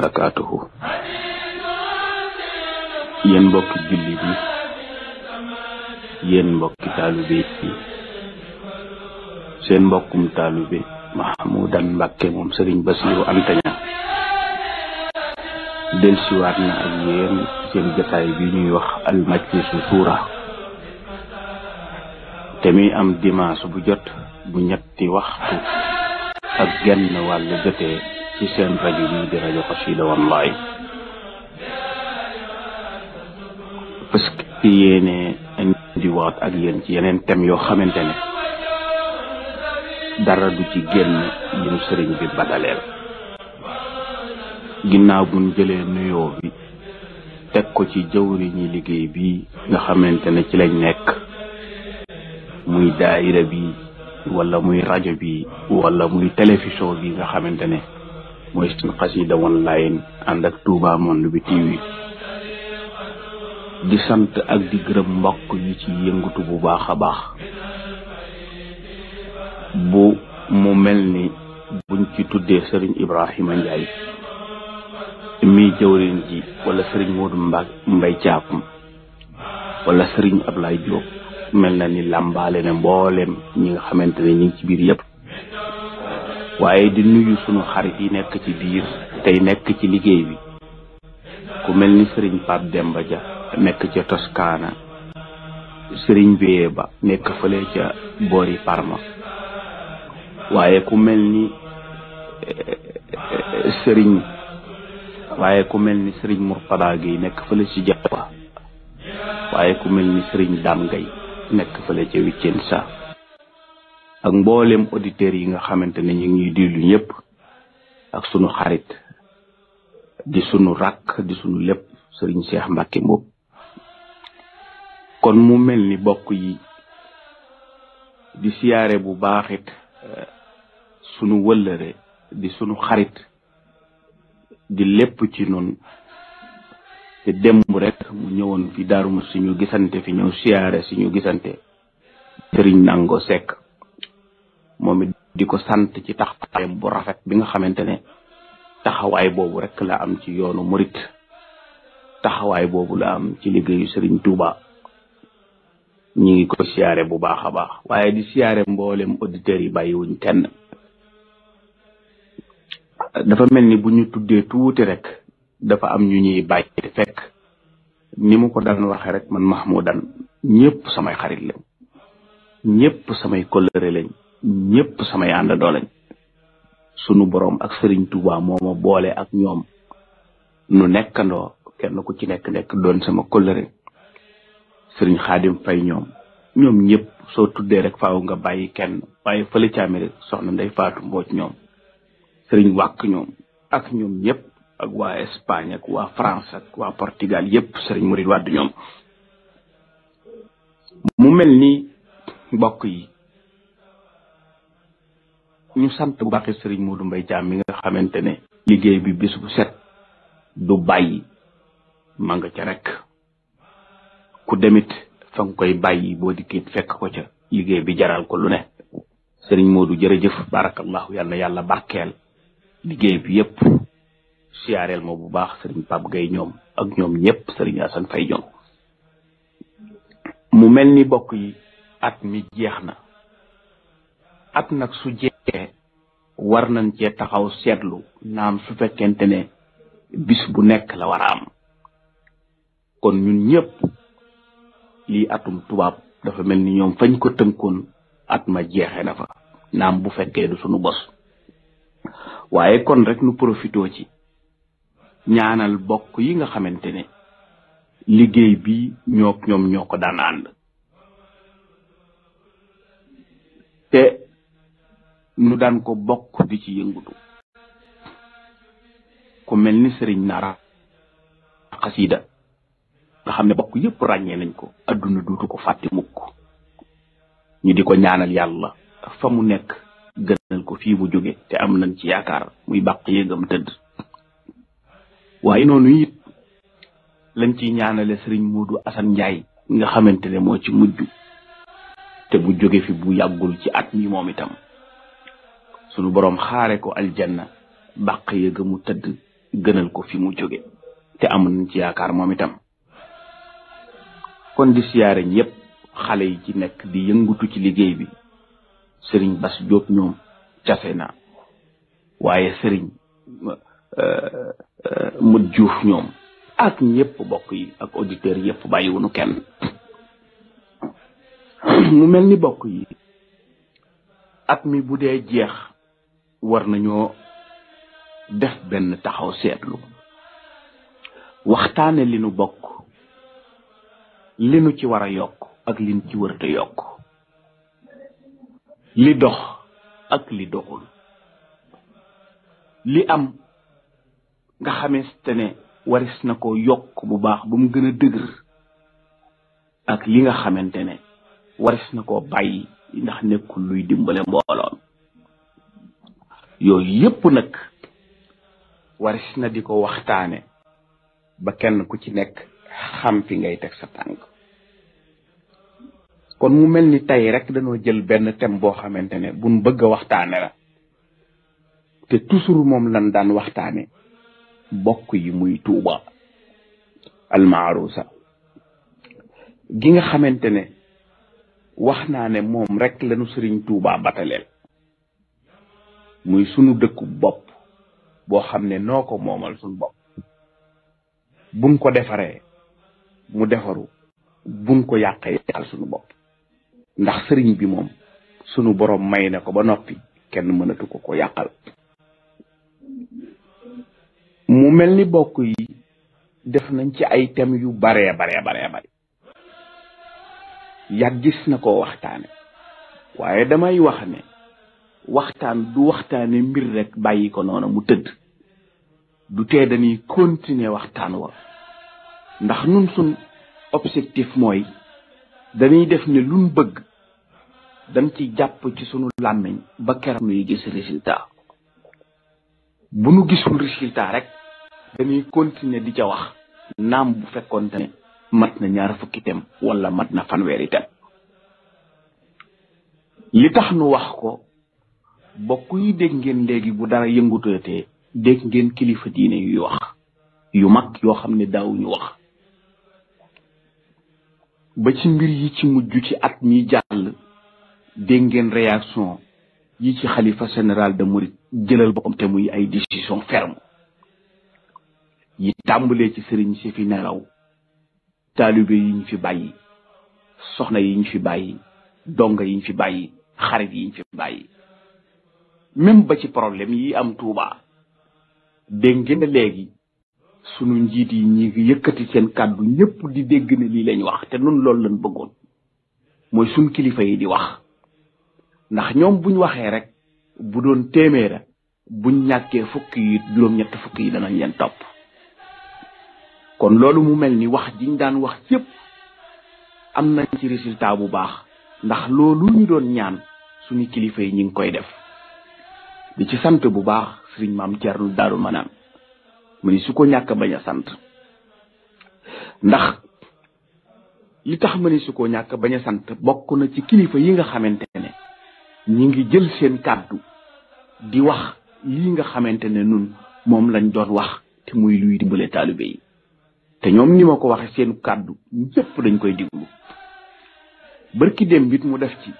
barakaatuhu yéen mbokki julli bi yéen mbokki taalibe yi seen mbokkum taalibe Mahmoudan Mbàkke moom Sëriñ Basiiru Antaña delsiwaat na ak yéen seen jotaay bi ñuy wax al majlisu suura te muy am dimanche bu jot bu ñetti waxtu ak genn wàll jotee ci seen rajo bi di rajo Xassida Online parce que yéene indiwaat ak yéen ci yeneen tem yoo xamante ne dara du ci génn li sëriñ bi bataleel ginnaaw buñ jëlee nuyoo bi teg ko ci jëwriñi liggéey bi nga xamante ne ci lañ nekk muy daayira bi wala muy rajo bi wala muy télévision bi nga xamante ne mooy seen xasida online ànd ak Touba Monde bi TV di sant ak di gërëm mbokk yi ci yëngatu bu baax a baax bu mu mel ni buñ ci tuddee sëriñ Ibrahima Ndiaye mi jëwriñ ji wala sëriñ Modou Mba Mbay Caapam wala sëriñ Ablaye Diop mel na ni làmbaale ne mbooleem ñi nga xamante ne ñi ngi ci biir yëpp waaye di nuyu sunu xarit yi nekk ci biir tey nekk ci liggéey bi ku mel ni sëriñ Pape demb ja nekk ca Toscana sëriñ Béye Ba nekk fële ca boori Parma waaye ku mel ni eh, eh, sëriñ waaye ku mel ni sëriñ Mourtada Gueye nekk fële ci Jaba waaye ku mel ni sëriñ Dame Gueye nekk fële ca Vicenza ak mbooleem auditeurs yi nga xamante ne ñu ngi ñuy ñëpp ak sunu xarit di sunu rakk di sunu lépp sëriñ seex mbakki Mbow. kon mu mel ni bokk yi di siyaare bu baaxit eh, sunu wëllëre di sunu xarit di lépp ci noonu te démb rek mu ñëwoon fi daaruma suñu gisante fi ñëw siyaare suñu gisante sëriñ Nango Seck moom it di ko sant ci taxawaay bu rafet bi nga xamante ne taxawaay boobu rek la am ci yoonu murit taxawaay boobu la am ci liggéeyu Serigne Touba ñu ngi ko siyaare bu baax a baax waaye di siyaare mboolem auditeurs yi bàyyiwuñ kenn dafa mel ni bu ñu tuddee tuuti rek dafa am ñu ñuy bàyyi fekk ni mu ko daan waxee rek man Mahmoudan ñëpp samay xarit lañ ñëpp samay kóllëre lañ ñëpp samay àndandoo lañ sunu boroom ak sëriñ Touba moo ma boole ak ñoom nu nekkandoo kenn ku ci nekk nekk doon sama kóllëre sëriñ xaadim fay ñoom ñoom ñëpp soo tuddee rek faaw nga bàyyi kenn waaye fële ca Amérique soxna Ndey Faatu Mbooj ñoom sëriñ wàkk ñoom ak ñoom ñëpp ak waa Espagne ak waa France ak waa Portugal yëpp sëriñ murid wàdd ñoom mu mel ni mbokk yi ñu sant Mbacke sëriñ Modou Mbaye Thiam mi nga xamante ne liggéey bi bis bu set du bàyyi ma nga ca rek ku demit fa nga koy bàyyi boo dikkit fekk ko ca liggéey bi jaral ko lu ne sëriñ Modou jërëjëf barakallahu yàlla yàlla barkeel liggéey bi yépp siyaareel ma bu baax sëriñ Pape Gueye ñoom ak ñoom ñëpp sëriñ Assane Faye ñoom mu mel bokk yi at mi jeex at nak su jeex war nañ ce taxaw seetlu naam su fekkente ne bis bu nekk la war a kon ñun ñëpp lii atum tubaab dafa mel ni ñoom fañ ko tënkoon at ma jeexee na fa naam bu fekkee du sunu bos waaye kon rekk nu profitoo ci ñaanal bokk yi nga xamante ne liggéey bi ñook ñoom ñoo ko daan ànd nu daan ko bokk di ci yëngutu ku mel ni sëriñ Nara xasida nga xam ne bokk yépp ràññee lañ ko adduna duutu ko fàtte mukk ñu di ko ñaanal yàlla fa mu nekk gënal ko fii mu jóge te am nañ ci yaakaar muy bàq yéegam tëdd waaye noonu it lañ ciy ñaanale sëriñ Moodu Asan Njaay nga xamante ne moo ci mujj te bu jóge fi bu yàggul ci at mi moom itam sunu boroom xaare ko aljanna bàq yëga mu tëdd gënal ko fi mu jóge te amul nañ ci yaakaar moom itam kon di siyaare yëpp xale yi ci nekk di yëngutu ci liggéey bi sëriñ Bas Diop ñoom case na waaye sëriñ mut euh, euh, juuf ñoom ak ñëpp bokk yi ak auditeurs yëpp bàyyiwunu kenn mu mel ni bokk yi at mi bu dee jeex war nañoo def benn taxaw seetlu waxtaane li nu bokk li nu ci war a yokk ak li nu ci wërta yokk li dox ak li doxul li am nga xamante ne waris na ko yokk bu baax ba mu gën a dëgër ak li nga xamante ne waris na koo bàyyi ndax nekkul luy dimbale mbooloon yooyu yëpp nag waris na di ko waxtaane ba kenn ku ci nekk xam fi ngay teg sa tànk kon mu mel ni tey rek dañoo jël benn thème boo xamante ne buñ bëgg a waxtaane la te toujours moom lan daan waxtaane bokk yi muy tuuba almaarusa gi nga xamante ne wax naa ne moom rek lañu sëriñ tuuba bataleel muy sunu dëkku bopp boo xam ne noo ko moomal sunu bopp buñ ko defaree mu defaru buñ ko yàqee yàqal sunu bopp ndax sëriñ bi moom sunu borom may na ko ba noppi kenn mënatu ko ko yàqal mu mel ni bokk yi def nañ ci ay thèmes yu baree baree baree bari gis na ko waxtaane waaye damay wax ne waxtaan du waxtaane mbir rek bàyyi ko noonu mu tëdd du tee dañuy continuer waxtaan wa ndax nun suñ objectif mooy dañuy def ne luñ bëgg dañ ci jàpp ci sunu làmmiñ ba keram nuy gis résultat bu nu gisul résultat rek dañuy continuer di ca wax naam bu fekkoon te mat na ñaar fukki tem wala mat na fanweeri li tax nu wax ko bokk yi dégg ngeen léegi bu dara yëngutootee dégg ngeen kilifa diine yuy wax yu mag yoo xam ne daawuñu wax ba ci mbir yi ci mujj ci at mi jàll dégg ngeen réaction yi ci xalifa sénéral de Mouride jëlal boppam te muy ay décision ferme yi tàmbalee ci sëriñ si fi nelaw taalibe yi fi bàyyi soxna yi ñu fi bàyyi donga yi fi bàyyi xarit yi fi bàyyi même ba ci problème yi am Touba dégg ngeen ne léegi sunu njiit yi ñi yëkkati seen kàddu ñëpp di dégg ne lii lañ wax te nun loolu lañ bëggoon mooy sunu kilifa yi di wax ndax ñoom buñ waxee rek bu doon téeméera buñ ñàkkee fukk yi juróom-ñett fukk yi danañ leen topp kon loolu mu mel ni wax jiñ daan wax yëpp am na ci résultat bu baax ndax loolu ñu doon ñaan suñu kilifa yi ñi ngi koy def di ci sant bu baax sëriñ maam Thierno Darou Manane mu ni su ko ñàkk bañ sant ndax li tax mani ni su ko ñàkk bañ a sant bokk na ci kilifa yi nga xamante ne ñi ngi jël seen kàddu di wax lii nga xamante ne nun moom lañ doon wax te muy luy dimbale taalibe yi te ñoom ni ma ko waxe seen kàddu ñëpp dañ koy diglu bërki dem bit mu def ci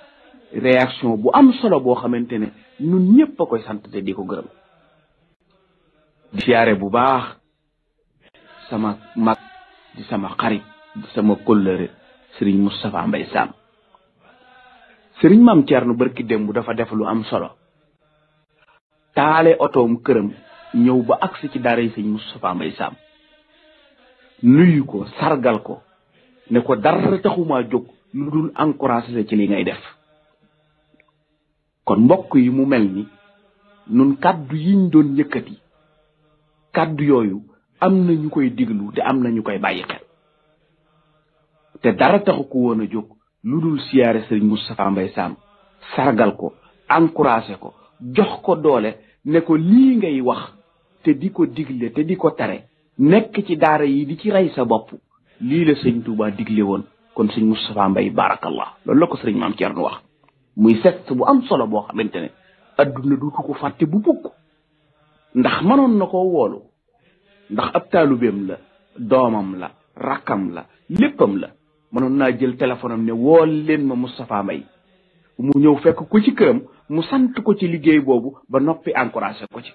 réaction bu am solo boo xamante ne ñun ñëpp a koy sant te di ko gërëm di siyaare bu baax sama mag di sama xarit di sama kóllëre sëriñ Moustapha Mbaye Sam sëriñ Maam Thierno barki démb dafa def lu am solo taale otoom këram ñëw ba agsi ci daara yi sëriñ Moustapha Mbaye Sam nuyu ko sargal ko ne ko dara taxuma jog lu dul encouragé ci li ngay def kon mbokk yi mu mel ni nun kàddu yiñ doon yëkkati kàddu yooyu am na ñu koy diglu te am na ñu koy bàyyi xel te dara taxu ko woon a jóg lu dul siyaare sëriñ Moustapha Mbaye Sam sargal ko encouragé ko jox ko doole ne ko lii ngay wax te di ko digle te di ko tare nekk ci daara yi di ci rey sa bopp lii la sëñ Touba digle woon kon sëñ Moustapha Mbaye barakallah loolu la ko sëriñ maam nu wax muy secte bu am solo boo xamante ne adduna duutu ko fàtte bu bukk ndax mënoon na koo woolu ndax ab bem la doomam la rakkam la léppam la mënoon naa jël téléphone ne wool leen ma Moustapha Mbaye mu ñëw fekk ko ci këram mu sant ko ci liggéey boobu ba noppi encouragé ko ci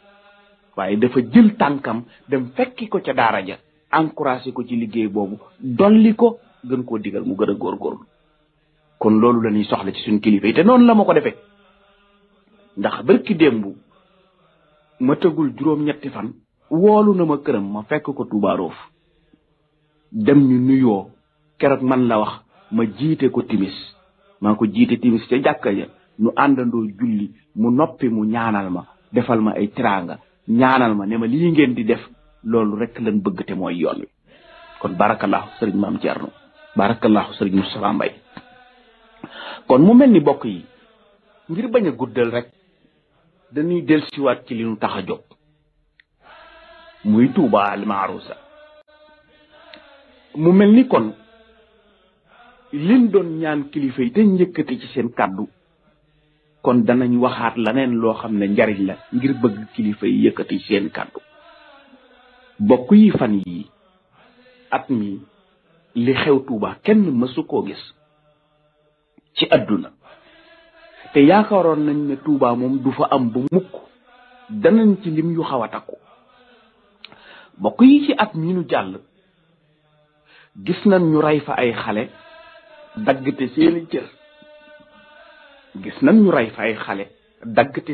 waaye dafa jël tànkam dem fekki ko ca daara ja encouragé ko ci liggéey boobu dolli ko gën koo digal mu gën a góorgóorlu kon loolu la ñuy soxla ci suñ kilifa yi te noonu la ma ko defee ndax bërki bu ma tëgul juróom-ñetti fan woolu na ma këram ma fekk ko tubaaroof dem ñu nuyoo keroog man la wax ma jiite ko timis maa ko jiite timis ca jàkka ja ñu àndandoo julli mu noppi mu ñaanal ma defal ma ay tiraanga ñaanal ma ne ma lii ngeen di def loolu rek lañ bëgg te mooy yoon wi kon barakallahu sëriñ maam Thierno barakallahu sëriñ Moustapha Mbaye kon mu mel ni bokk yi ngir bañ a guddal rek dañuy dellusiwaat ci li nu tax a jóg muy Touba Almaarusa mu mel ni kon liñ doon ñaan kilifa yi te njëkkati ci seen kàddu kon danañ waxaat leneen loo xam ne njariñ la ngir bëgg kilifa yi yëkkati seen kàddu bokk yi fan yi at mi li xew tuuba kenn mësu koo gis ci àdduna te yaakaaroon nañ ne Touba moom du fa am ba mukk danañ ci lim yu xaw a takku bokk yi ci at mi jàll gis nañ ñu rey fa ay xale dagg te seeni cër gis nañ ñu rey fa ay xale dagg te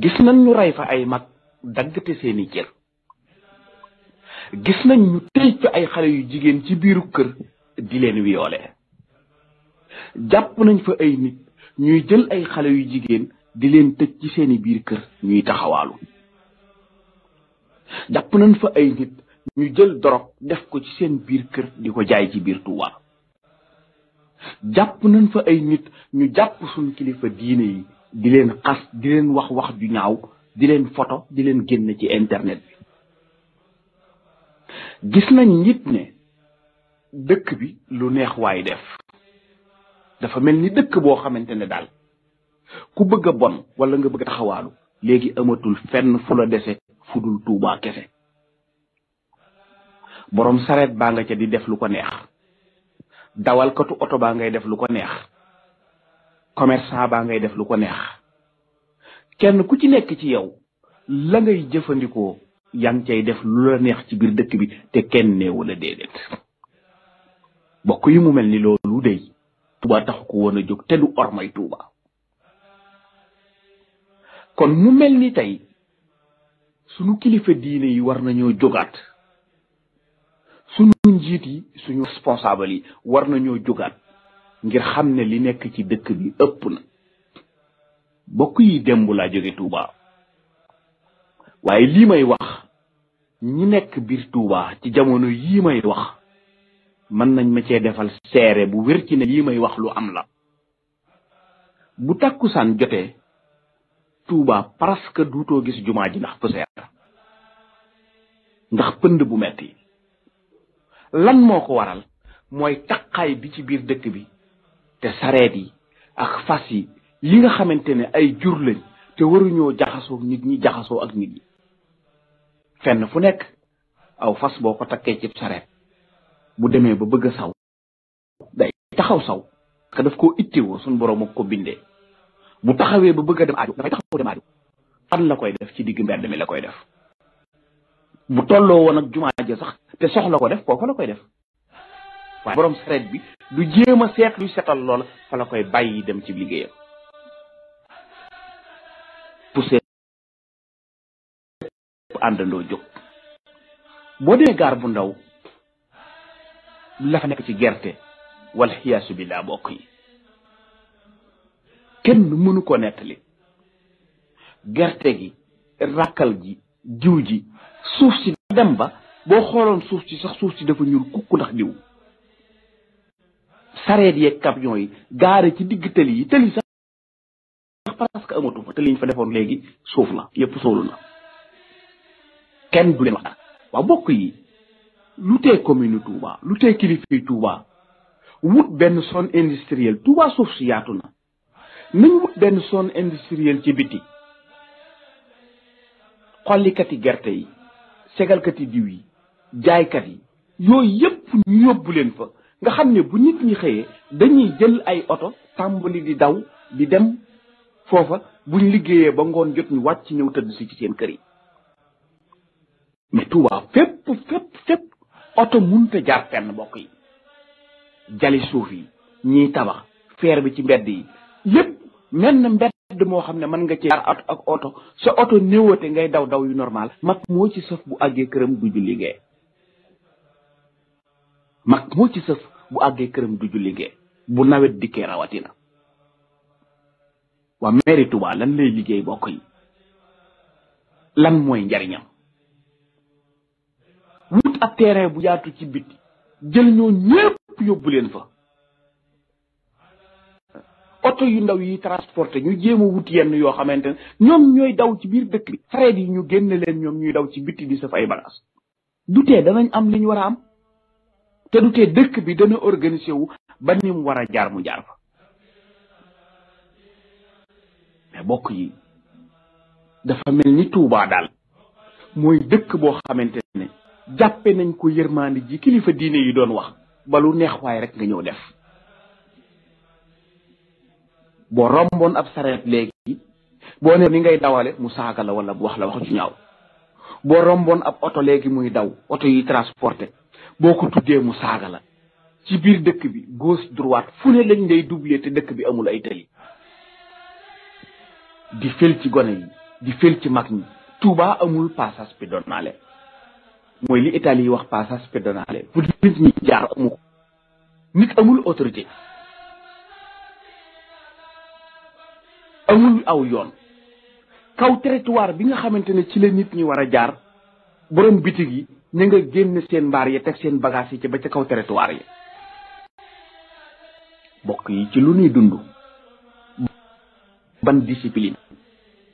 gis nañ ñu rey ay mag dagg te seeni cër gis nañ ñu tëj fa ay xale yu jigéen ci biiru kër di leen wiyoole jàpp nañ fa ay nit ñuy jël ay xale yu jigéen di leen tëj ci seeni biir kër ñuy taxawaalu jàpp nañ fa ay nit ñu jël dorog def ko ci seen biir kër di ko jaay ci biir Tuuba jàpp nañ fa ay nit ñu jàpp suñ kilifa diine yi di leen xas di leen wax wax ju ñaaw di leen foto di leen génn ci internet bi gis nañ nit ne dëkk bi lu neex waay def dafa mel ni dëkk boo xamante ne daal ku bëgg a bon wala nga bëgg a taxawaalu léegi amatul fenn fu la dese fu dul tuubaa kese boroom sareet baa nga ca di def lu ko neex dawalkatu oto baa ngay def lu ko neex commerçant baa ngay def lu ko neex kenn ku ci nekk ci yow la ngay jëfandikoo yaa ngi cay def lu la neex ci biir dëkk bi te kenn neewu la déedéet bokk yi mu mel ni loolu Tuuba taxu ko woon a jóg te du ormay Tuuba kon mu mel ni tey sunu kilifa diine yi war nañoo jógaat sunu njiit yi suñu responsable yi war nañoo jógaat ngir xam ne li nekk ci dëkk bi ëpp na bokk yi démb laa jóge Touba waaye lii may wax ñi nekk biir tuuba ci jamono yii may wax mën nañ ma cee defal seere bu wér ci ne lii may wax lu am la bu tàkkusaan jotee Touba presque duutoo gis jumaa ji ndax poussière ndax pënd bu metti lan moo ko waral mooy taqaay bi ci biir dëkk bi te sareet yi ak fas yi yi nga xamante ne ay jur lañ te waruñoo jaxasoo nit ñi jaxasoo ak nit ñi fenn fu nekk aw fas boo ko takkee cib sareet bu demee ba bëgg a saw day taxaw saw ko que daf koo ittewoo suñu borom ak ko bindee bu taxawee ba bëgg a dem aaju dafay taxaw dem aaju fan la koy def ci digg mbedd mi la koy def bu tolloo woon ak jumaa ja sax te soxla ko def foofa la koy def waaye borom sareet bi du jéem a seet luy setal loola fa la koy bàyyi dem ci liggéeyam poussé àndandoo jóg boo demee gaar bu ndaw la fa nekk ci gerte wala xiyaasu billaa bokk yi kenn mënu koo nettali gerte gi ràkkal ji jiw ji suuf si ba boo xooloon suuf si suuf si dafa ñuul kukk ndax diw sareet yeeg camion yi gaare ci digg tëli yi tëli sax parce que amatu fa te liñ fa defoon léegi suuf la yëpp sóolu na kenn du leen wax waaw bokk yi lu tee commune Touba lu tee kilifay Touba wut benn zone industrielle Touba suuf si yaatu na nañ wut benn zone industrielle ci biti xollikati gerte yi segalkati diw yi jaaykat yi yooyu yëpp ñu yóbbu leen fa nga xam ne bu nit ñi xëyee dañuy jël ay oto tàmbali di daw bi dem foofa buñ liggéeyee ba ngoon jot ñu wàcc ñëw tëdd si ci seen kër yi mais Touba fépp fépp oto munta jaar fenn mbokk yi jali suuf yi ñiy tabax feer bi ci bedd yi yépp menn mbedd moo xam ne mën nga ci jaar ak oto sa oto néewate ngay daw daw yu normal mag moo ci sëf bu àggee këram du liggéey gee ci bu àggee këram du julli bu nawet dikkee rawatina waa mairie Touba lan lay liggéey bokk yi lan mooy njariñam ab terrain bu yaatu ci biti jël ñoo ñépp yóbbu leen fa oto yu ndaw yi transporté ñu jéem a wut yenn yoo xamante ne ñoom ñooy daw ci biir dëkk bi sareet yi ñu génn leen ñoom ñuy daw ci biti di saf ay bagaas du tee danañ am li ñu war a am te du tee dëkk bi dana organisé wu ba ni mu war a jaar mu jaar fa yi dafa mel ni Tuubaa daal mooy dëkk boo xamante ne jàppe nañ ko yërmaande ji kilifa diine yi doon wax ba lu neex waay rek nga ñëw def boo romboon ab sareet léegi boo ne ni ngay dawale mu saaga la wala wax la wax ju ñaaw boo romboon ab oto léegi muy daw oto yi transporté boo ko tuddee mu saaga la ci biir dëkk bi gauche droite fu ne dañ lay doublé te dëkk bi amul ay tali di fel ci gone yi di fel ci mag ñi Touba amul passage pédonale mooy li Italie wax passage pédonale pour nit ñi jaar amu ko nit amul autorité amul aw yoon kaw territoire bi nga xamante ne ci la nit ñi war a jaar borom bitig yi ñu nga génn seen mbaar yi teg seen bagage yi ci ba ci kaw territoire yi bokk yi ci lu ñuy dund ban discipline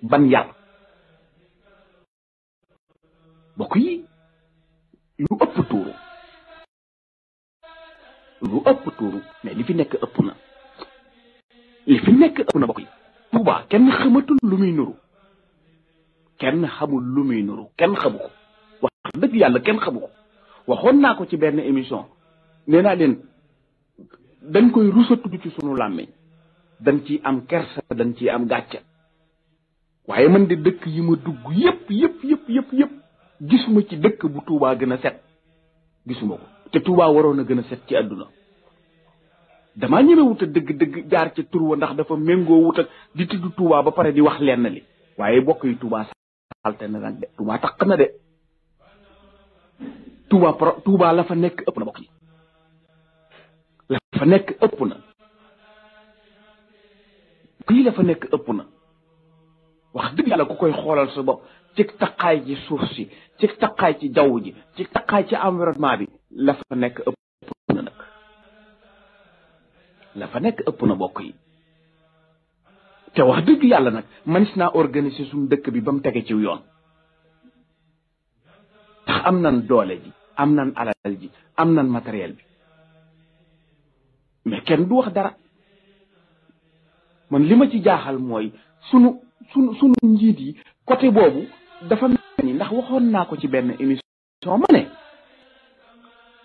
ban yar bokk yi lu ëpp tuuru lu ëpp tuuru mais li fi nekk ëpp na li fi nekk ëpp na bokk Tuuba kenn xamatul lu muy nuru kenn xamul lu muy nuru kenn xamu wax dëgg yàlla kenn xamu ko waxoon naa ko ci benn émission nee naa leen dañ koy rusa tudd ci sunu làmmiñ dañ ci am kersa dañ ci am gàcce waaye man de dëkk yi dugg yëpp yëpp yëpp yëpp yëpp gisuma ci dëkk bu Touba gën a set gisuma ko te Touba waroon a gën a set ci àdduna damaa ñemewut a dëgg-dëgg jaar ci tur ndax dafa méngoo wut ak di tudd Touba ba pare di wax lenn li waaye bokk yi Touba salte na nag de Touba taq na de Touba la fa nekk ëpp na bokk nekk ëpp na kii la fa nekk ëpp na wax dëgg yàlla ku koy xoolal sa bopp ci taqaay ci suuf si ci taqaay ci jaww ji ci taqaay ci environnement bi la fa nekk ëpp na nekk ëpp na bokk yi te wax dëgg yàlla nag manis naa organiser suñu dëkk bi ba mu tegee ci yoon ndax am nan doole ji am nan alal ji am nan matériel bi mais kenn du wax dara man lima ma ci jaaxal mooy sunu sunu njiit yi côté boobu dafa mel ni ndax waxoon naa ko ci benn émission ma ne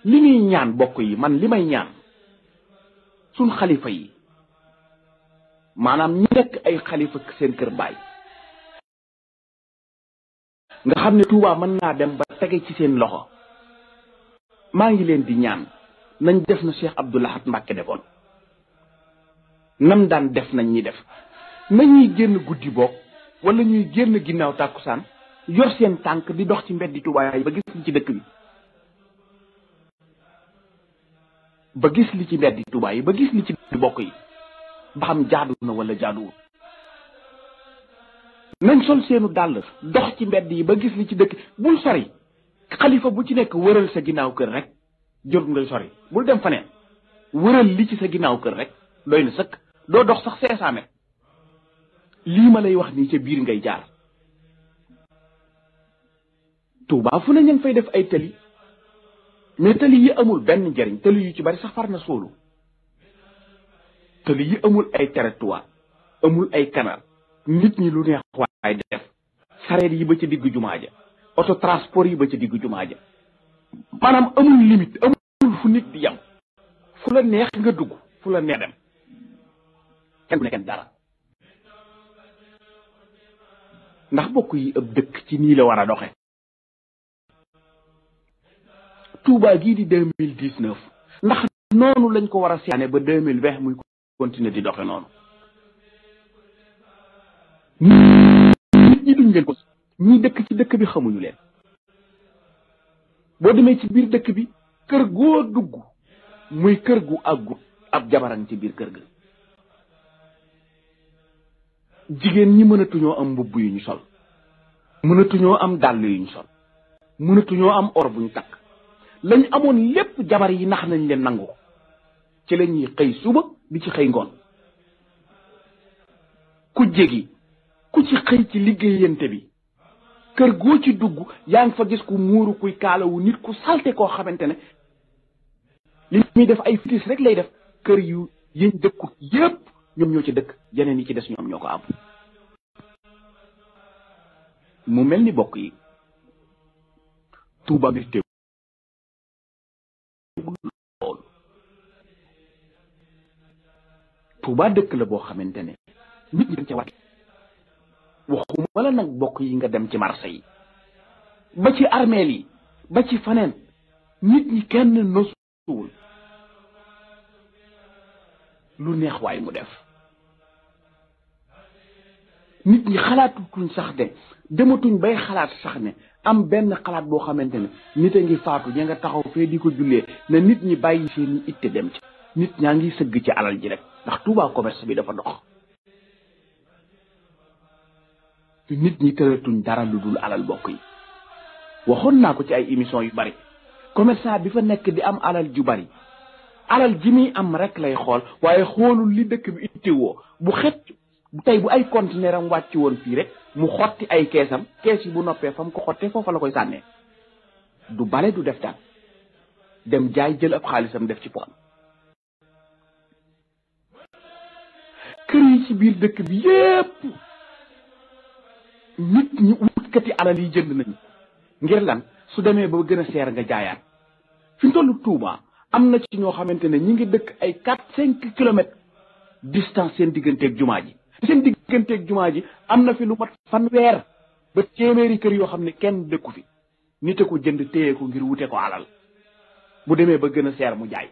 li ñuy ñaan bokk yi man li may ñaan suñ xalifa yi maanaam ñi nekk ay xalifa seen kër baay nga xam ne Touba mën naa dem ba tege ci seen loxo maa ngi leen di ñaan nañ def na Cheikh Abdou Lahad Mbacké defoon nam daan def nañ ñi def nañuy génn guddi boog wala ñuy génn ginnaaw tàkkusaan yor seen tànk di dox ci mbeddi Tuubaa yi ba gis li ci dëkk bi ba gis li ci mbeddi Tuubaa yi ba gis li ci bokk yi ba xam jaadu na wala jaaduwul nañ sol seenu dàll dox ci mbedd yi ba gis li ci dëkk bul sori xalifa bu ci nekk wëral sa ginnaaw kër rek jot ngay sori bul dem faneen wëral li ci sa ginnaaw kër rek doy na sëkk doo dox sax cinq lii ma lay wax nii ca biir ngay jaar Touba fu ne ñu ngi def ay tëli mais tëli yi amul benn njariñ tëli yu ci bari sax far na sóolu tëli yi amul ay territoire amul ay canal nit ñi lu neex waay def sareet yi ba ci diggu jumaa ja auto transport yi ba ci diggu jumaa ja maanaam amul limite amul fu nit di yam fu la neex nga dugg fu la neex dem kenn du ne dara ndax bokk yi ab dëkk ci nii la war a doxe Touba gii di deux mille dix neuf ndax noonu lañ ko war a seetaane ba deux mille vingt muy continuer di doxe noonu nit ñi duñ leen ko ñi dëkk ci dëkk bi xamuñu leen boo demee ci biir dëkk bi kër goo dugg muy kër gu àggut ab jabaran ci biir kër ga jigéen ñi mënatuñoo am mbubb yu ñu sol mënatuñoo am dàll yu ñu sol mënatuñoo am or bu ñu takk lañ amoon lépp jabar yi nax nañ leen nangu ci lañuy xëy suba di ci xëy ngoon ku jégi ku ci xëy ci liggéeyante bi kër goo ci dugg yaa ngi fa gis ku muuru kuy kaalawu nit ku salte koo xamante ne li muy def ay fitis rek lay def kër yu yéen dëkku yépp ñoom ñoo ci dëkk yeneen yi ci des ñoom ñoo ko am mu mel ni bokk yi baa dëkk la boo xamante ne nit ñi dañ ca war waxuma la nag bokk yi nga dem ci marché yi ba ci armeel yi ba ci faneen nit ñi kenn nosuwul lu neex waay mu def nit ñi kuñ sax de dematuñ bay xalaat sax ne am benn xalaat boo xamante ne nit a ngi faatu ña nga taxaw fee di ko jullee na nit ñi bàyyi seen i itte dem ci nit ñaa ngi sëgg ci alal ji rek ndax Touba commerce bi dafa dox nit ñi tëratuñ dara lu dul alal bokk yi waxoon naa ko ci ay émission yu bari commerçant bi fa nekk di am alal ju bari alal ji muy am rek lay xool waaye xoolul li dëkk bi itteewoo bu xet tey bu ay conteneur wàcc woon fii rek mu xotti ay keesam kees yi bu noppee fa mu ko xottee foofa la koy sànnee du bale du def daan dem jaay jël ab xaalisam def ci poxam biir dëkk bi yépp nit ñi wutkati alal yi jënd nañu ngir lan su demee ba gën a seer nga jaayaan fi ñu toll Touba am na ci ñoo xamante ne ñi ngi dëkk ay quatre cinq kilomètres distance seen digganteeg jumaa ji seen digganteeg jumaa ji am na fi lu mat fanweer ba téeméeri kër yoo xam ne kenn dëkku fi nit a ko jënd téye ko ngir wute ko alal bu demee ba gën a seer mu jaay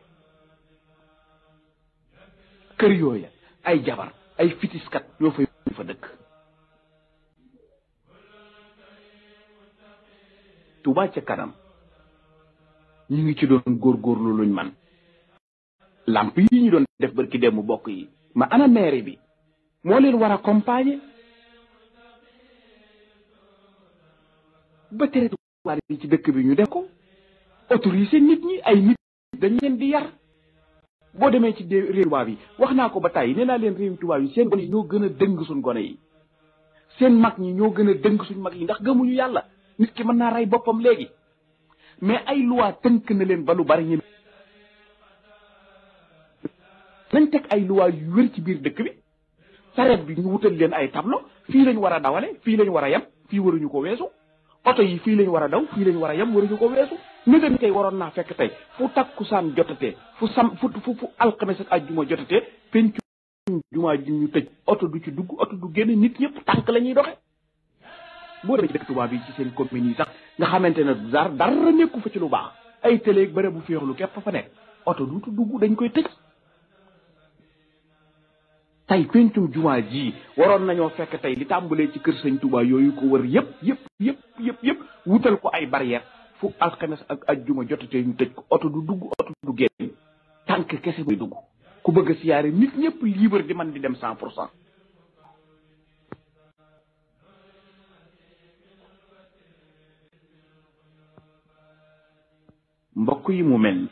kër yooya ay jabar ay fitiskat ñoo fay fa dëkk Touba ca kanam ñu ngi ci doon góorgóorlu luñ man làmp yi ñu doon def ba barki dem bokk yi ma ana maire bi moo leen war a accompagner ba tere waar yi ci dëkk bi ñu def ko autoriser nit ñi ay nit dañ leen di yar boo demee ci réew tubaab yi wax naa ko ba tàyyi nee naa leen réew tubaab yi seen gone yi ñoo a dëng suñ gone yi seen mag ñi ñoo gën a dëng suñ mag yi ndax gëmuñu yàlla nit ki mën naa rey boppam léegi mais ay loi tënk na leen ba lu bari ñi nañ teg ay loi yu wér ci biir dëkk bi sareet bi ñu wutal leen ay tableau fii lañ war a dawale fii lañ war a yem fii waruñu ko weesu oto yi fii lañ war a daw fii lañ war a yem waruñu ko weesu ndegam tey waroon naa fekk tey fu takkusaan jotatee fu sam fu fu fu alxames ak àjjuma jotatee penc jumaa ji ñu tëj oto du ci dugg oto du génn nit ñëpp tànk la ñuy doxe boo demee ci ci seen commune yi sax nga xamante ne dara dara nekku fa ci lu baax ay télé ak bu féexlu képp fa nekk oto du ci dugg dañ koy tëj tey pencum jumaa ji waroon nañoo fekk tey li tàmbalee ci kër sëñ Tuubaa yooyu ko wër yëpp yëpp yëpp yëpp yëpp wutal ko ay barrière fu alxames ak ajjuma jotatee ñu tëj ko oto du dugg oto du génn tànk kese muy dugg ku bëgg a siyaare nit ñépp libre di man di dem cent pour cent mbokk yi mu mel ni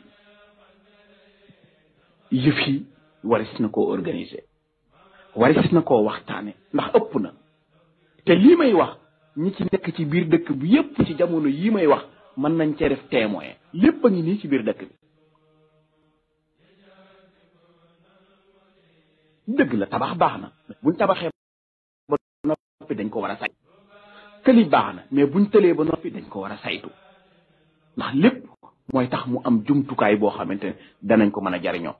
yëf yi waris na koo organiser waris na koo waxtaane ndax ëpp na te lii may wax ñi ci nekk ci biir dëkk bi yépp ci jamono yii may wax mën nañ cee def témoin lépp a ngi nii ci biir dëkk bi dëgg la tabax baax na buñ tabaxee ba noppi dañ ko war a saytu këli baax na mais buñ tëlee ba noppi dañ ko war a saytu ndax lépp mooy tax mu am jumtukaay boo xamante ne danañ ko mën a jariñoo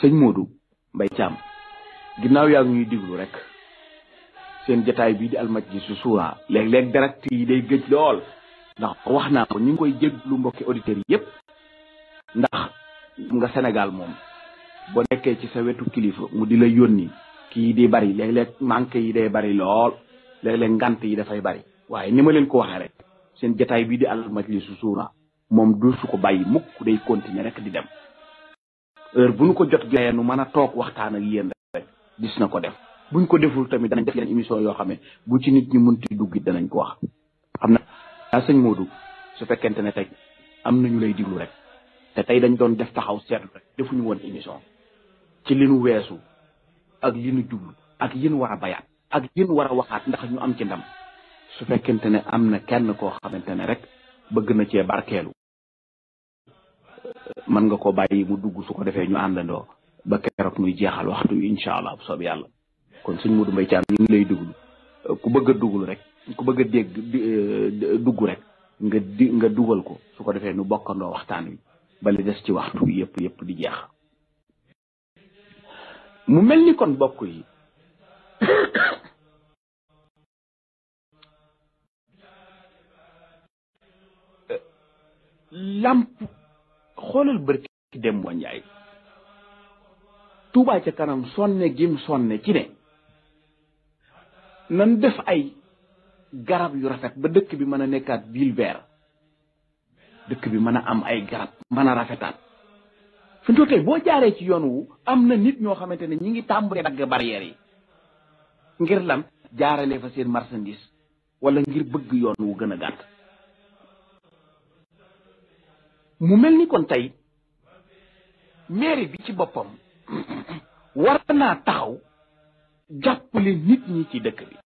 sëñ moodu Mbaye Thiam ginnaaw yaa ngi diglu rek seen jotaay bi di su Suura leg leg direct yi day gej lol ndax waxna ko ñing koy jéglu lu mbokk auditeur yépp ndax nga Sénégal mom bo nekké ci sa wetu kilifa mu di la yoni ki di bari leg leg manque yi day bari lol leg leg ngant yi fay bari waye nima leen ko waxé rek seen jotaay bi di su Suura mom du su ko bayyi mukk day continuer rek di dem heure bu nu ko jot joyee nu tok waxtaan ak yeen rek gis na ko def buñ ko deful tamit danañ def émission yoo xam ne bu ci nit ñu ñi munti dugg danañ ko wax xam naa sëñ dugg su fekkente ne tey am na ñu lay diglu rek te tey dañ doon def taxaw seetlu rek ñu woon émission ci li nu weesu ak li nu jublu ak yéen war a bayaat ak yéen war a waxaat ndax ñu am ci ndam su fekkente ne am na kenn koo xamante ne rek bëgg na cee barkeelu mën nga koo bàyyi mu dugg su ko defee ñu àndandoo ba keroog muy jeexal waxtu wi allah bu soob kon suñ sëñ Modou Mbaye Thiam ñu ngi lay duglu ku bëgg a duglu rek ku bëgg a dégg dugg rek nga dugal ko su ko defee nu bokkandoo waxtaan wi ba li des ci waxtu bi yëpp yëpp di jeex mu mel ni kon bokk yi làmp xoolal bërki dem wa njaay tuubaa ca kanam sonne gim sonne ci ne nan def ay garab yu rafet ba dëkk bi mën a nekkaat ville verte dëkk bi mën a am ay garab mën a rafetaat fi mu tey boo jaaree ci yoon wu am na nit ñoo xamante ne ñi ngi tàmbalee dagg barrières yi ngir lam jaarale fa seen marchandise wala ngir bëgg yoon wu gën a gàtt mu mel ni kon tey mairie bi ci boppam war naa taxaw jàppale nit ñi ci dëkk bi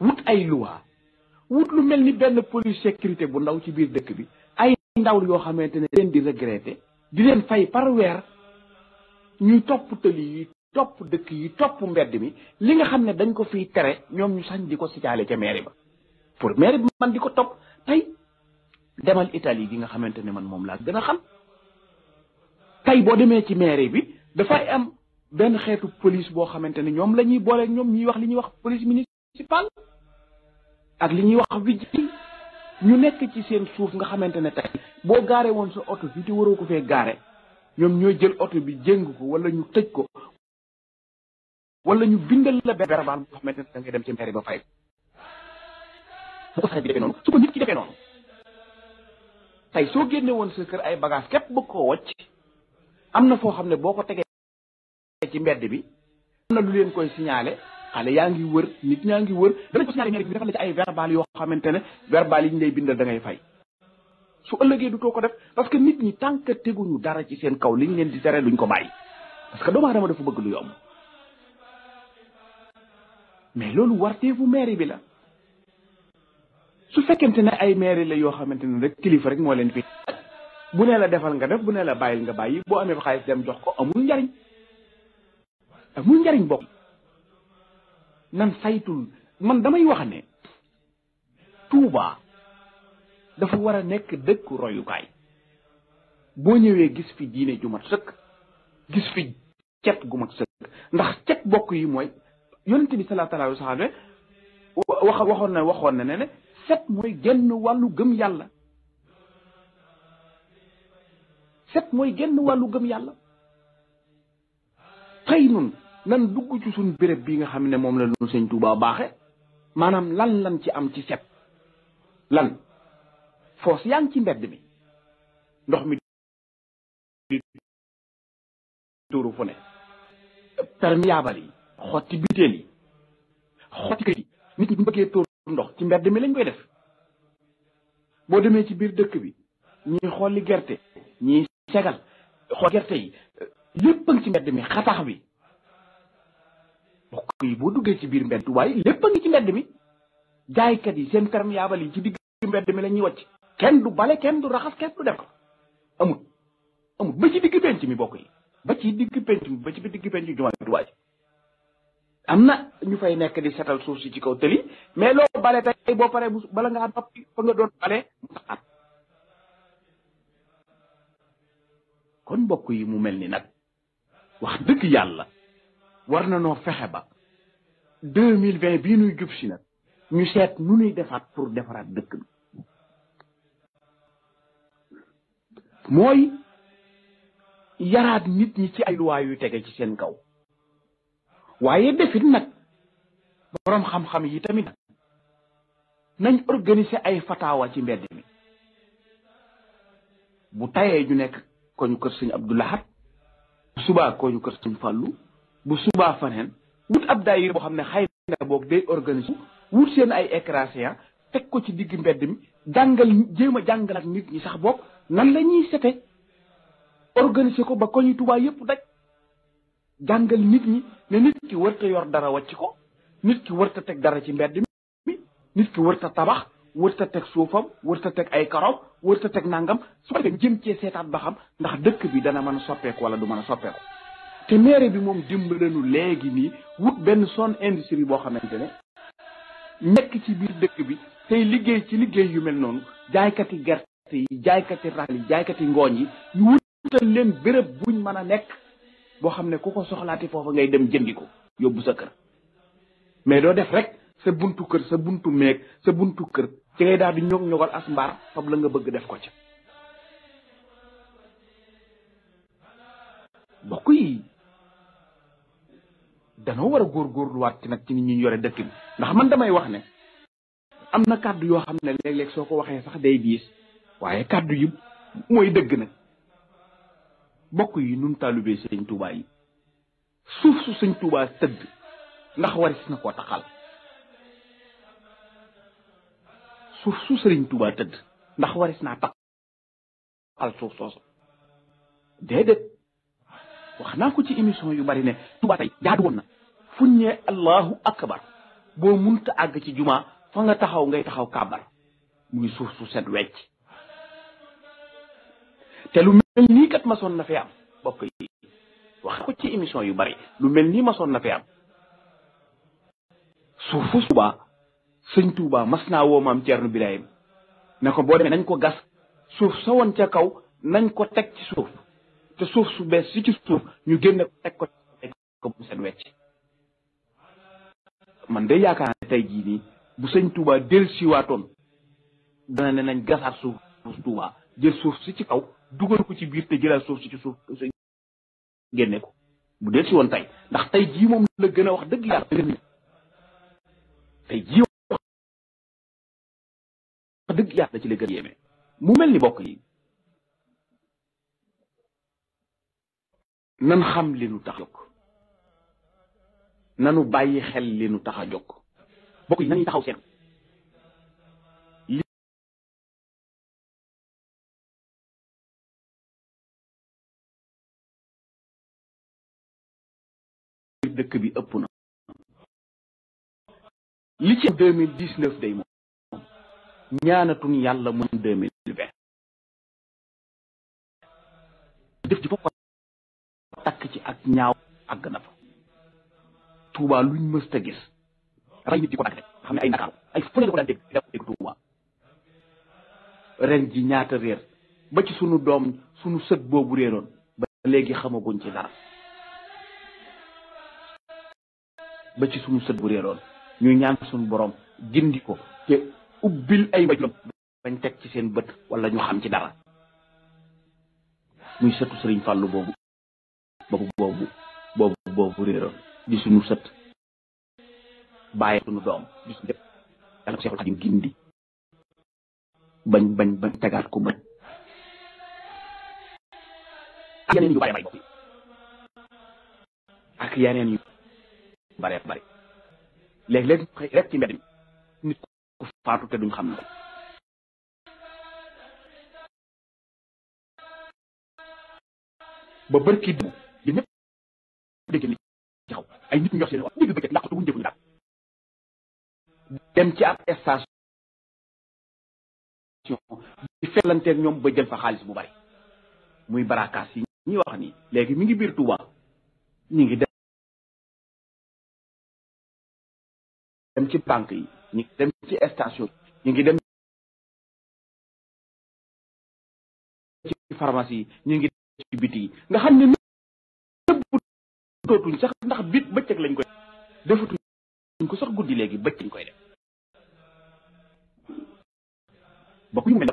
wut ay loi wut lu mel ni benn police sécurité bu ndaw ci biir dëkk bi ay ndaw yoo xamante ne leen di regretté di leen fay par weer ñuy topp tëli yi topp dëkk yi topp mbedd mi li nga xam ne dañ ko fi tere ñoom ñu sañ di ko sicaale ca mairie ba pour mairie bi man di ko topp tey demal Italie gi nga xamante ne man moom laa dana a xam tey boo demee ci mairie bi dafay am benn xeetu police boo xamante ne ñoom la ñuy booleeg ñoom ñuy wax li ñuy wax police municipale ak li ñuy wax vigile ñu nekk ci seen suuf nga xamante ne tey boo gaare woon sa oto bi te waroo ko gaare ñoom ñooy jël oto bi jéng ko wala ñu tëj ko wala ñu bindal la benn verbal boo xamante ne da ngay dem ci mairie ba fay ko saxee bi defee noonu soo génne woon sa kër ay bagage képp bëgg koo wacc am na foo xam ne boo ko tegee ci mbedd bi am na lu leen koy signalé xale yaa ngi wër nit ñaa ngi wër danañ ko signalé mais dafa la ci ay verbal yoo xamante ne verbal yi ñu lay bindal dangay fay su ëllëgee du too ko def parce que nit ñi tant que teguñu dara ci seen kaw liñ leen di tere duñ ko baay parce que doomu aadama dafa bëgg lu yomb mais loolu warteefu mairie bi la su fekkente ne ay mairie la yoo xamante ne rek kilifa rek moo leen fi bu nee la defal nga def bu ne la bàyyil nga bàyyi boo amee xaalis dem jox ko amul njariñ mu njariñ bopp nan saytul man damay wax ne Touba dafa war a nekk dëkku royukaay boo ñëwee gis fi diine ju mat sëkk gis fi cet gu mat sëkk ndax cet bokk yi mooy yonente bi sallallahu alayhi wa sallam wax waxoon na waxoon na ne ne set mooy genn wàllu gëm yàlla set mooy genn wàllu gëm yàlla xëy nun nan dugg ci suñ béréb bi nga xam ne moom la ñu sëñ Tuubaa baaxe maanaam lan lan ci am ci set lan foos yaa ci mbedd mi ndox mi di tuuru fu ne perméable yi xotti biteel yi xotti kër nit ñi bëggee tuur ndox ci mbedd mi lañ koy def boo demee ci biir dëkk bi ñii xolli gerte ñii segal xool gerte yi léppang ci mbedd mi xatax bi bokk yi bo duggé ci bir mbedd way lépp ci mbedd mi jaay kat yi seen perméable yi ci digg mbedd mi lañuy wacc kenn du balé kenn du raxas kenn du def ko amut amut ba ci digg penc mi bokk yi ba ci digg penc mi ba ci digg penc mi jumaa tubaay am na ñu fay nekk di setal suuf si ci kaw tëli mais loo bale tey boo paree bala ngaa noppi fa nga doon balé kon bokk yi mu melni nak wax dëgg yàlla war na noo fexe ba deux mille vingt bii nuy jubsi si nag ñu seet nu nuy defaat pour defaraat dëkk bi mooy yaraat nit ñi ci ay yu tege ci seen kaw waaye defit nag boroom xam-xam yi tamit nañ organiser ay fataawa ci mbedd mi bu tayee ñu nekk koñu kër sëñ Abdou Lahad bu subaa kooju kër sëñ fàllu bu subaa faneen wut ab daayira boo xam ne xëy na boog day organiser wut seen ay écran ah, teg ko ci digg mbedd mi jàngal jéem a jàngalaat nit ñi sax boog nan la ñuy sete organiser ko ba ko ñu Tuubaa yëpp daj jàngal nit ñi ne nit ki warta yor dara wàcc ko nit ki warta teg dara ci mbedd mi nit ki warta tabax wërta teg suufam wërta teg ay karaw wërta teg nangam su ko defee jëm cee seetaat ba xam ndax dëkk bi dana mën a soppeeku wala du mën a soppeeku te maire bi moom dimbalanu léegi nii wut benn zone industrie boo xamante ne nekk ci biir dëkk bi tey liggéey ci liggéey yu mel noonu jaaykati gerte yi jaaykati raal yi jaaykati ngooñ yi ñu wutal leen bërëb buñ mën a nekk boo xam ne ku ko soxlaati foofa ngay dem jëndi ko yóbbu sa kër mais doo def rek sa buntu kër sa buntu meeg sa buntu kër ci ngay daal di ñog ñogal as mbaar fab la nga bëgg def ko ci mbokk yi danoo war a góorgóorluwaat ci nag ci nit ñi yore dëkk bi ndax man damay wax ne am na kàddu yoo xam ne léeg-léeg soo ko waxee sax day diis waaye kàddu yi mooy dëgg na mbokk yi nun taalubee sëñ Tuubaa yi suuf su sëñ Tuubaa tëdd ndax waris na koo taxal suuf su sëriñ Tuubaa tëdd ndax waris naa taxal suuf soosu déedéet wax naa ko ci émission yu bari ne Tuubaa tey jaadu woon na fuñ ñee allahu akbar boo munta àgg ci jumaa fa nga taxaw ngay taxaw kàbbar muy suuf su set wecc te lu mel nii kat masoon na fi am bokk yi ci émission yu bari lu mel nii masoon na fi am suufu subaa sëñ Touba mas naa woo maam Thierno Birahim ne ko boo demee nañ ko gas suuf sa woon ca kaw nañ ko teg ci suuf te suuf su bees si ci suuf ñu génne teg ko teg ko bu seen man de yaakaar ne tey jii nii bu sëñ Touba del siwaatoon dana ne nañ gasaat suuf Touba jël suuf si ci kaw dugal ko ci biir te jëlaat ci suuf génne ko bu del si woon tey ndax tey jii moom la gën a wax dëgg yàlla tey jii دغ يا دا لي گريمي مو ملني بوك لي نان خام لي نو تاخوك نانو باي خيل لي نو تاخا جوك بوك ني ناني تاخاو سين دك بي اپنا لي 2019 داي ñaanatuñ yàlla mu deux mille vingt jëf ji foofu takk ci ak ñaaw àgg na fa luñ mësta gis ray nit di ay Ndakaaru ay fu ne ko ji ñaata réer ba ci sunu doom sunu sët boobu réeroon ba léegi xamaguñ ci dara ba ci sunu sët bu réeroon ñuy ñaan sunu borom gindi ko te ubbil ay wajuram bañ teg ci seen bët wala ñu xam ci dara muy sëtu sëriñ fàllu boobu boobu boobu boobu boobu réeroon di suñu sët bàyyi suñu doom di suñu lépp yàlla ko seexul xadim gindi bañ bañ bañ tegaat ko bañ ak yeneen yu bare bari ak yeneen yu bare bari léeg-léeg rek ci mbedd ku faatu te duñ xam ne ba bërki dem bi ñëpp ni jaxaw ay nit ñu seen wax dégg bëccëg làqatu wuñ defuñu ci ab station di fellanteeg ñoom ba jël fa xaalis bu bari muy barakaas yi ñuy wax nii léegi mi ngi biir Touba ñu ngi dem ci banque yi ñu ngi dem ci station ñu ngi dem ci pharmacie yi ñu ngi dem biti nga xam ne nëbb dootuñ sax ndax bit bëccëg lañ koy defatuñ ko sax guddi léegi bëccëg lañ koy def bokk ñu mel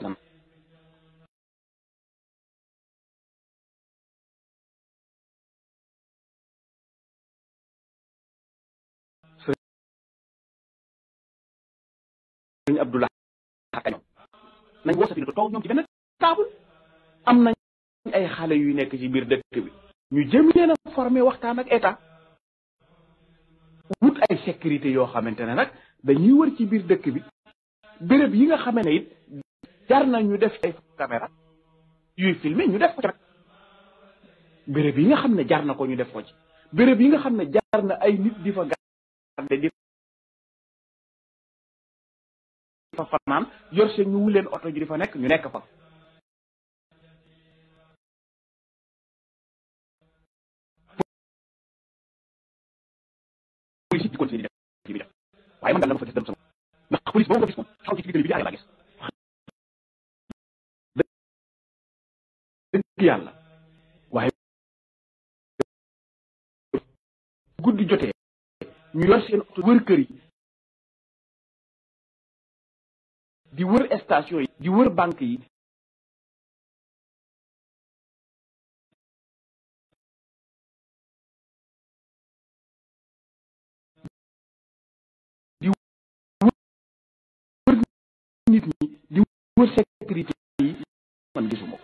nañu Abdoulaye ak ñoom nañ woo Safinatu toog ñoom ci benn table ay xale yuy nekk ci biir dëkk bi ñu jëm leen a former waxtaan ak état wut ay sécurité yoo xamante ne nag dañuy wër ci biir dëkk bi béréb yi nga xamee ne jar na ñu def ay caméra yuy filmer ñu def ko ci yi nga xam ne jar na ko ñu def ko ci yi nga xam ne jar na ay nit di fa garde di fa fanaan yor ñu wuleen oto ji fa nekk ñu nekk fa police yi continué fa gis dem sama waaye guddi jotee ñu yor seen oto di wër station yi di wër banque yi di wër nit ñi di wër sécurité yi man gisuma ko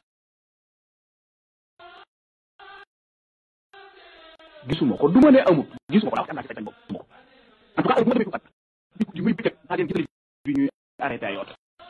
gisuma ko du ne amut gisuma ko daaw gisuma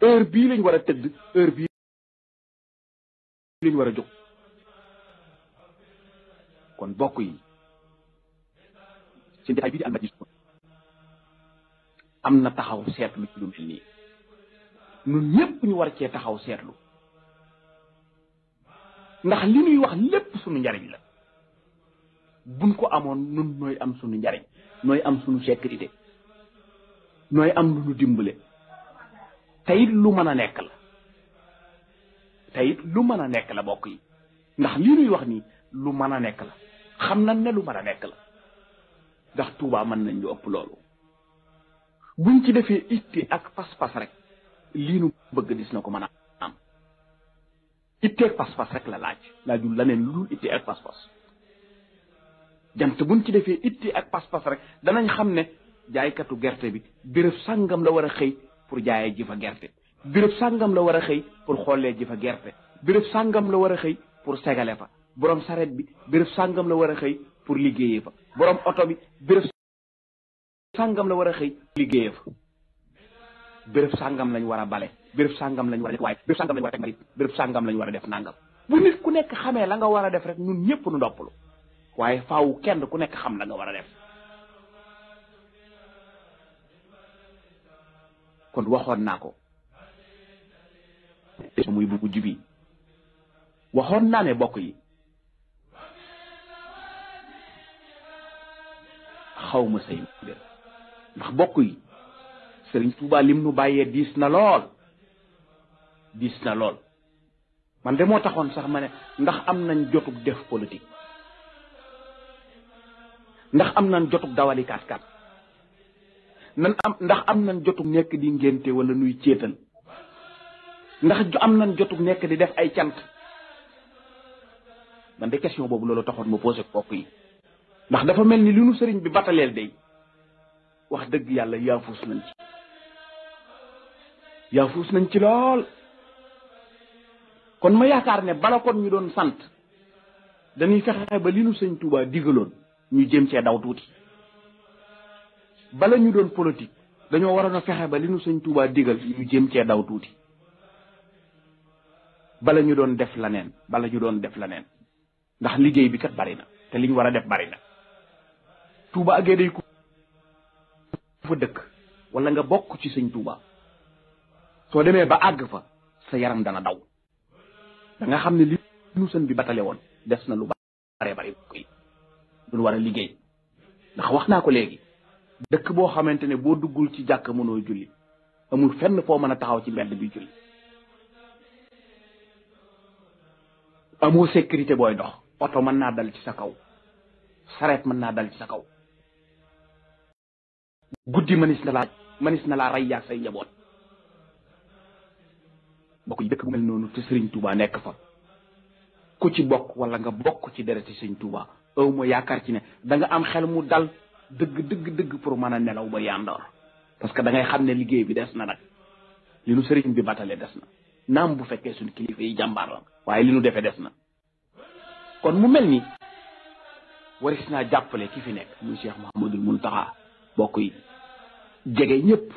heure bii lañ war a tëdd heure bii lañ war a jóg kon bokk yi seen jotaay bii am na taxaw seetlu ci lu mel nii ñun ñëpp ñu war cee taxaw seetlu ndax li ñuy wax lépp suñu njariñ la buñ ko amoon nun nooy am suñu njariñ nooy am suñu sécurité nooy am lu ñu dimbale teyit lu mën a nekk la teyit lu mën a nekk la bokk yi ndax lii nuy wax nii lu mën a nekk la xam na ne lu mën a nekk la ndax Tuubaa mën nañ ñu ëpp loolu buñ ci defee itte ak pas-pas rek lii nu bëgg dis na ko mën a am itte pas-pas rek la laaj laajul leneen lu dul ak pas-pas jant buñ ci defee itte ak pas-pas rek danañ xam ne jaaykatu gerte bi béréb sàngam la war a xëy pour jaayee ji fa gerte béréb sàngam la war a xëy pour xoolee ji fa gerte béréb sàngam la war a xëy pour segale fa borom saret bi béréb sàngam la war a xëy pour liggéeyee fa borom oto bi béréb sàngam la war a xëy liggéeyee fa béréb sàngam lañ war a bale béréb sàngam lañ war a def waaye béréb sàngam lañ war a teg mbalit war a def nangam bu nit ku nekk xamee la nga war a def rek ñun ñëpp nu noppalu waaye faaw kenn ku nekk xam la nga war a def kon waxoon naa ko muy bu mujj bi waxoon naa ne bokk yi xaw ma say ndax bokk yi sëriñ Tuubaa lim nu bàyyee diis na lool diis na lool man de moo taxoon sax ma ne ndax am nañ jotub def politique ndax am nañ jotub dawali kaat kaat nan am ndax am nañ jotug nekk di ngénte wala nuy céetal ndax am nañ jotug nekk di def ay cant man de question boobu loolu taxoon ma posé ko yi ndax dafa mel ni li nu sëriñ bi bataleel day wax dëgg yàlla yaafuus nañ ci nañ ci lool kon ma yaakaar ne bala kon ñu doon sant dañuy fexe ba li nu sëñ tubaa digaloon ñu jëm cee daw tuuti bala ñu doon politique dañoo waroon a fexe ba li nu sëñ Tuubaa digal ñu jéem cee daw tuuti bala ñu doon def la neen bala ñu doon def la neen ndax liggéey bi kat bari te liñ war a def bari tuuba Tuubaa agee day ku fa dëkk wala nga bokk ci sëñ Tuubaa soo demee ba àgg fa sa yaram dana daw da nga xam ne li nu sën bi batale woon des na lu bare bare koy lu war a liggéey ndax wax naa ko léegi dëkk boo xamante ne boo duggul ci jàkk manoo julli amul fenn foo mën a taxaw ci mbedd bi julli amoo sécurité booy dox oto mën naa dal ci sa kaw sareet mën naa dal ci sa kaw guddi mënis na laa mënis na laa rey yaag say njaboot bokk yi mel noonu te nekk fa ku ci bokk wala nga bokk ci dereti sëriñ Touba aw ma yaakaar ci ne da am xel mu dal dëgg dëgg dëgg pour mën a nelaw ba yàndoor parce que dangay xam ne liggéey bi des na nag li nu sëriñ bi batale des na naam bu fekkee suñ kilifa yi jàmbaar la waaye li nu defee des na kon mu mel ni waris naa jàppale ki fi nekk muy Cheikh Mouhamadul taxa bokk yi jege ñëpp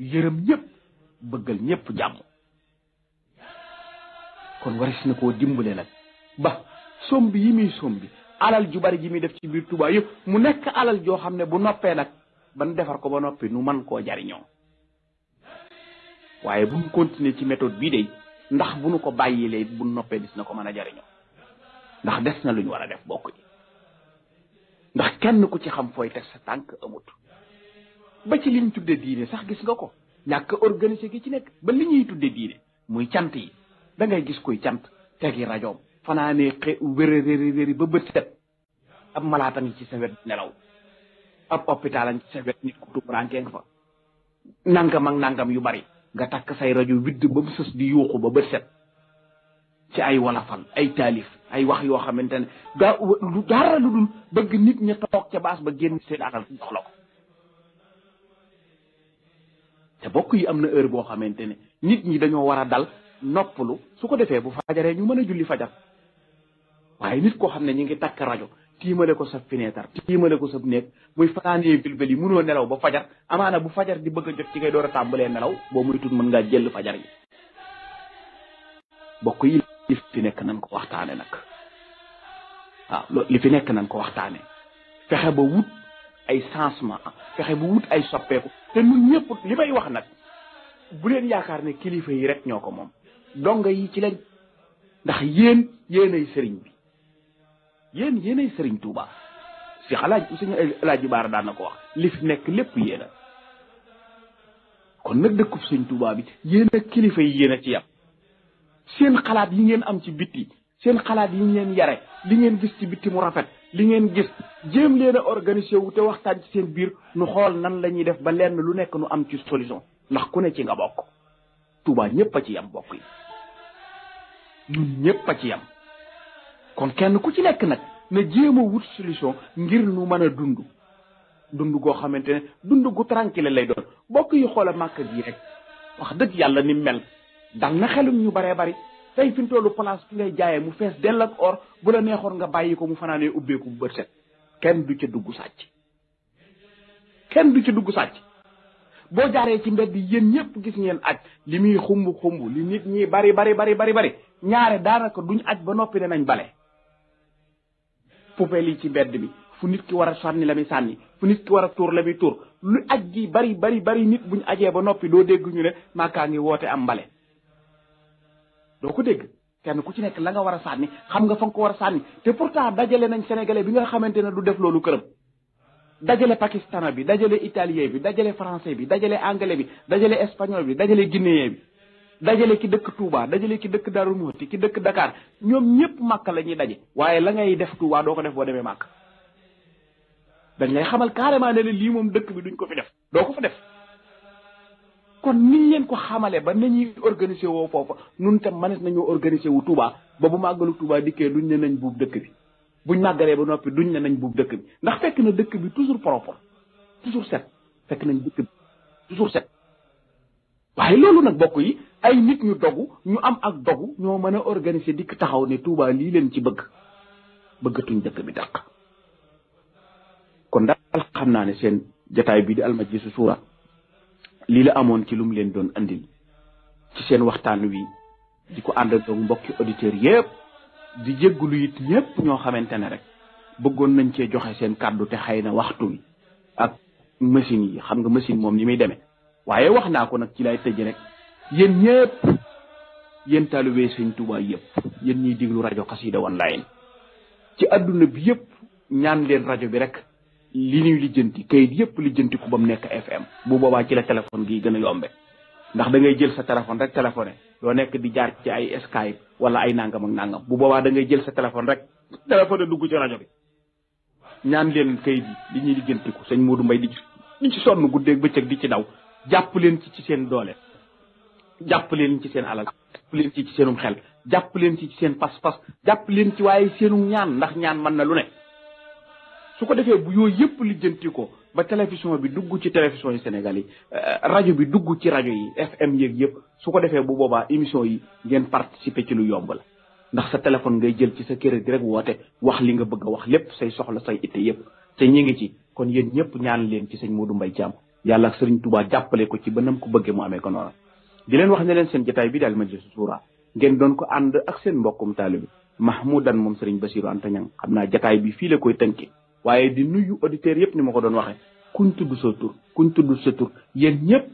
yërëm ñëpp bëggal ñépp jàmm kon waris na koo dimbale nag ba sombi yi muy sombi alal ju bari ji muy def ci biir Touba yëpp mu nekk alal joo xam ne bu noppee nag ban defar ko ba noppi nu man koo jariñoo waaye bu ñu continuer ci méthode bii de ndax bu nu ko bàyyilee bu noppee dis na ko mën a jariñoo ndax des na luñ ñu war a def bokk ndax kenn ku ci xam fooy teg sa tànk amut ba ci liñ tuddee diine sax gis nga ko ñàkk organisé gi ci nekk ba li ñuy tudde diine muy cant yi da ngay gis koy cant tegi rajoom wéré xe wéréréréréri ba bët ab malaata ci sa wét nelaw ab hôpital ci sa wét nit ku tumuraanke nga fa nangam ak nangam yu bari nga tak say radio widd ba bu sës di yuxu ba bët set ci ay walafal ay talif ay wax yo xamantene da lu dara lu dul bëgg nit ñi tok ci baas ba génn seen alal ci la bokku yi amna heure bo xamantene nit ñi dañoo wara dal noppalu su ko defee bu ñu mën julli fajar waaye nit koo xam ne ñu ngi takk rajo tiimale ko sa fenêtre tiimale ko sa néeg muy fanaanee bilbel yi munoo nelaw ba fajar amaana bu fajar di bëgg a jot ci ngay door a tàmbalee nelaw boo muy tut mën ngaa jël fajar yi bokk yi fi nekk nan ko waxtaane nag waaw li fi nekk nan ko waxtaane fexe ba wut ay changement fexe ba wut ay soppeeku te ñun ñëpp li may wax nag bu leen yaakaar ne kilifa yi rek ñoo ko moom donga yi ci lañ ndax yéen yéenay sëriñ yéen yéenay sëriñ Touba si alaaj suñu alaaji baara daan ko wax li fi nekk lépp yéen kon nag dëkku sëñ Touba bi yéen kilifa yi yéen a ci yam seen xalaat yi ngeen am ci bitti seen xalaat yi ngeen yare li ngeen gis ci bitti mu rafet li ngeen gis jéem leen a organisé wu te waxtaan ci seen biir nu xool nan lañuy def ba lenn lu nekk nu am ci solution ndax ku ne ci nga bokk Touba ñëpp a ci yam bokk yi ñun ñëpp a ci yam kon kenn ku ci nekk nag na jéema a wut solution ngir nu mën a dund dund goo xamante ne dund gu tranquille lay doon bokk yu xoola màkk gii rek wax dëgg yàlla ni mel dal na xelum ñu baree bari tey fi mu tollu place fi ngay mu fees dell ak or bu la neexoon nga bàyyi ko mu fanaanee ubbeeku bu bët set kenn du ca dugg sàcc kenn du ci dugg sàcc boo jaaree ci mbedd yéen ñëpp gis ngeen aj li muy xumb xumb li nit ñi bari bari bari bari bari ñaare daanaka duñ aj ba noppi ne nañ bale poubelle yi ci mbedd mi fu nit ki war a sànni la mi sànni fu nit ki war a tuur la muy tuur lu aj gi bari bari bari nit buñ ajee ba noppi doo dégg ñu ne maakaa ngi woote am mbale doo ko dégg kenn ku ci nekk la nga war a sànni xam nga fa ko war a sànni te pourtant dajale nañ sénégalais bi nga xamante ne du def loolu këram dajale pakistan bi dajale italien bi dajale français bi dajale anglais bi dajale espagnol bi dajale guinéen bi dajale ki dëkk Touba dajale ki dëkk Darou Mouhty ki dëkk Dakar ñoom ñëpp màkk la ñuy daje waaye la ngay def Touba doo ko def boo demee màkk dañ lay xamal carrément ne lii moom dëkk bi duñ ko fi def doo ko fa def kon niñ leen ko xamale ba nañuy organiser woo foofa nun tam mënees nañoo organiser wu Touba ba bu màggalu Touba dikkee duñ ne nañ buub dëkk bi buñ màggalee ba noppi duñ ne nañ buub dëkk bi ndax fekk na dëkk bi toujours propre toujours set fekk nañ dëkk waaye loolu nag bokk yi ay nit ñu dogu ñu am ak dogu ñoo mën a organiser dikk taxaw ne Touba lii leen ci bëgg bëggatuñ dëkk bi dàq kon daal xam naa ne seen jataay bi di Almajlisu Suura lii la amoon ci lu leen doon andil ci seen waxtaan wi di ko ànd ak mbokki auditeurs yëpp di jéggulu it ñëpp ñoo xamante ne rek bëggoon nañ cee joxe seen kàddu te xëy na waxtu wi ak machine yi xam nga machine moom ni muy demee waaye wax naa ko nag ci lay tëj rek yéen ñëpp yéen taalibé sëñ Tuubaa yëpp yéen ñuy diglu rajo Xassida Online ci àdduna bi yëpp ñaan leen rajo bi rek li ñuy lijjanti kayit yëpp lijjanti ba mu nekk FM bu boobaa ci téléphone gi gën a ndax da jël sa téléphone rek téléphoné doo nekk di jaar ci ay Skype wala ay nangam ak bu boobaa da ngay jël sa téléphone rek téléphoné dugg ci rajo bi ñaan leen kayit yi li ñuy lijjantiku sëñ Modou mbay di ci sonn guddeeg bëccëg di ci daw jàpp leen ci ci seen doole jàpp leen ci seen alal jàpp leen ci ci seenum xel jàpp leen ci ci seen pas-pas jàpp leen ci waaye seenum ñaan ndax ñaan man na lu ne su ko defee bu yooyu yëpp lijjanti ko ba télévision bi dugg ci télévision yi Sénégal yi euh, rajo bi dugg ci rajo yi FM yéeg yëpp su ko defee bu boobaa émission yi ngeen participer ci lu yomb la ndax sa téléphone ngay jël ci sa kër gi rek woote wax li nga bëgg wax lépp say soxla say it yëpp te ñu ngi ci kon yéen ñëpp ñaan leen ci sëñ Modou Mbaye yàlla ak sëriñ tuba jàppale ko ci bënam ko bëggee mu amee ko noona di leen wax ne leen seen jataay bi daal majlisu suura ngeen doon ko ànd ak seen mbokkum taalibi mahmoudan moom sëriñ basiru antañang xam naa bi fii la koy tënke waaye di nuyu auditoriap yépp ni ma ko doon waxe kuñ tudd sa tur kuñ tudd sa tur yéen ñëpp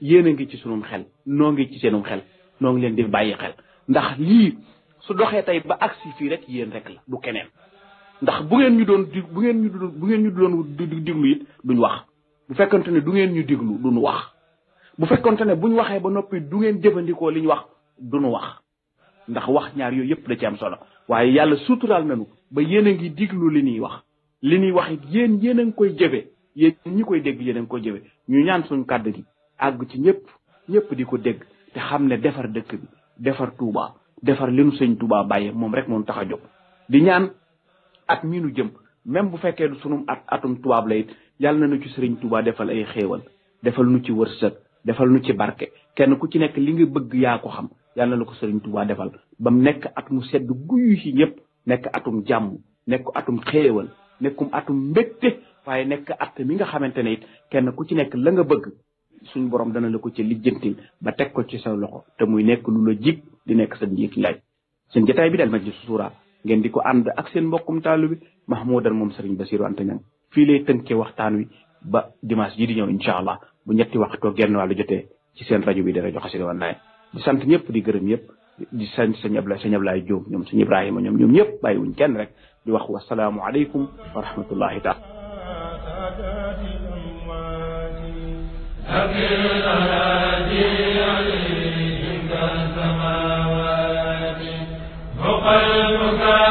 yéen a ngi ci sunum xel noo ngi ci seenum xel noo ngi leen di bàyyi xel ndax lii su doxee tey ba aksi fii rek yéen rek la du keneen ndax bu ngeen ñu doon bu ngeen ñu doon bu ngeen ñu doon di diglu it duñ wax bu fekkante ne du ngeen ñu diglu du ñu wax bu fekkante ne buñ waxee ba noppi du ngeen jëfandikoo li ñu wax du ñu wax ndax wax ñaar yooyu yëpp da ci am solo waaye yàlla na nañu ba yéen ngi diglu li ñuy wax li ñuy wax it yéen yéen a ngi koy jëfe yéen ñi koy dégg yéen a ngi koy jëfe ñu ñaan suñu kàddu gi àgg ci ñëpp ñëpp di ko dégg te xam ne defar dëkk bi defar Touba defar li nu sëñ Touba bàyyee moom rek moom tax a jóg di ñaan at miinu nu jëm même bu fekkee du sunum at atum tubaab la yal na nu ci serigne touba defal ay xéewal defal nu ci wërseuk defal nu ci barke kenn ku ci nek li nga bëgg ya ko xam yal na ko serigne touba defal bam nek at mu sedd guyu ci ñëpp nek atum jàmm nekk atum xéewal nekkum atum mbégte waye nek at mi nga xamantene it kenn ku ci nek la nga bëgg suñu borom dana la ko ci lijjanti ba tek ko ci sa loxo te muy nek lu la jik di nek sa jik laaj seen jotaay bi dal ci sura ngeen di ko ànd ak seen mbokum taalu mahmoudal mom serigne fi lay tënkee waxtaan wi ba dimanche ji di ñëw incha allah bu ñetti waxtu genn walu jotee ci seen rajo bi di rajo xasida nay di sant ñëpp di gërëm ñëpp di sant sëñ Ablaye sëñ Ablaye joom ñom sëñ Ibrahima ñom ñom ñëpp bàyyiwuñ kenn rek di wax wasalaamu alaykum wa rahmatullahi taala أكل أراضي عليهم كالسماوات وقلبك